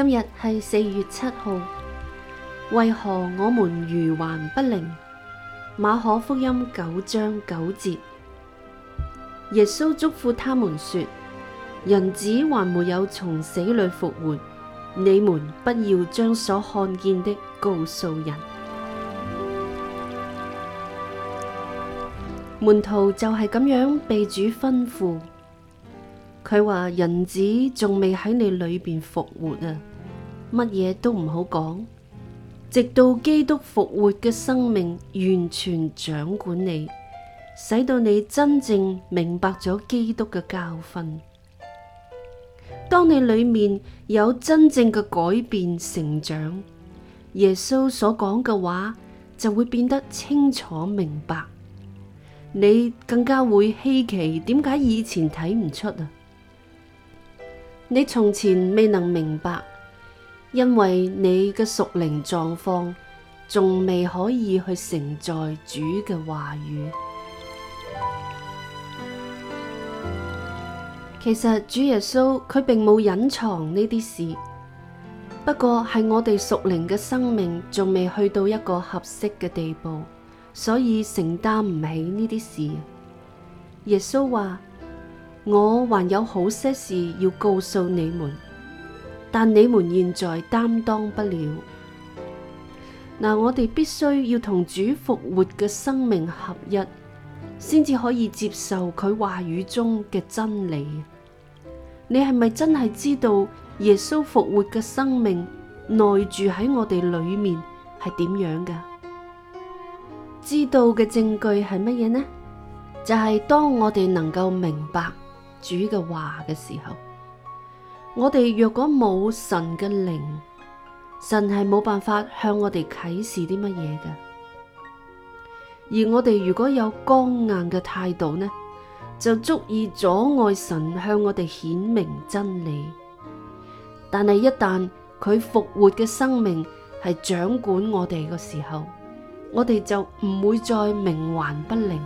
今日係四月七號，為何我們如還不靈？馬可福音九章九節，耶穌囑咐他們說：人子還沒有從死裏復活，你們不要將所看見的告訴人。門徒就係咁樣被主吩咐。佢話人子仲未喺你裏邊復活啊，乜嘢都唔好講，直到基督復活嘅生命完全掌管你，使到你真正明白咗基督嘅教訓。當你裏面有真正嘅改變、成長，耶穌所講嘅話就會變得清楚明白，你更加會稀奇點解以前睇唔出啊！你從前未能明白，因為你嘅屬靈狀況仲未可以去承載主嘅話語。其實主耶穌佢並冇隱藏呢啲事，不過係我哋屬靈嘅生命仲未去到一個合適嘅地步，所以承擔唔起呢啲事。耶穌話。我還有好些事要告訴你們，但你們現在擔當不了。嗱，我哋必須要同主復活嘅生命合一，先至可以接受佢話語中嘅真理。你係咪真係知道耶穌復活嘅生命內住喺我哋裏面係點樣噶？知道嘅證據係乜嘢呢？就係、是、當我哋能夠明白主嘅話嘅時候，我哋若果冇神嘅靈，神係冇辦法向我哋啟示啲乜嘢嘅。而我哋如果有剛硬嘅態度呢，就足以阻礙神向我哋顯明真理。但係一旦佢復活嘅生命係掌管我哋嘅時候，我哋就唔會再冥頑不靈。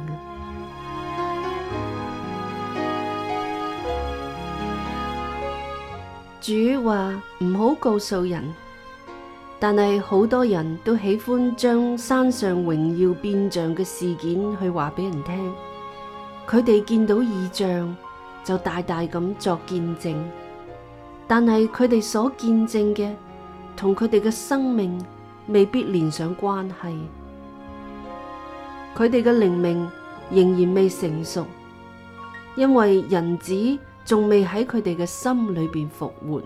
主話唔好告訴人，但係好多人都喜歡將山上榮耀變像嘅事件去話俾人聽。佢哋見到異象就大大咁作見證，但係佢哋所見證嘅同佢哋嘅生命未必連上關係。佢哋嘅靈命仍然未成熟，因為人子仲未喺佢哋嘅心裏邊復活，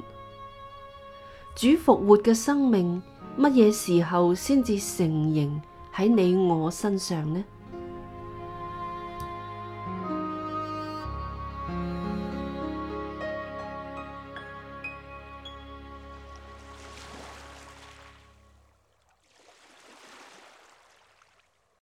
主復活嘅生命，乜嘢時候先至成形喺你我身上呢？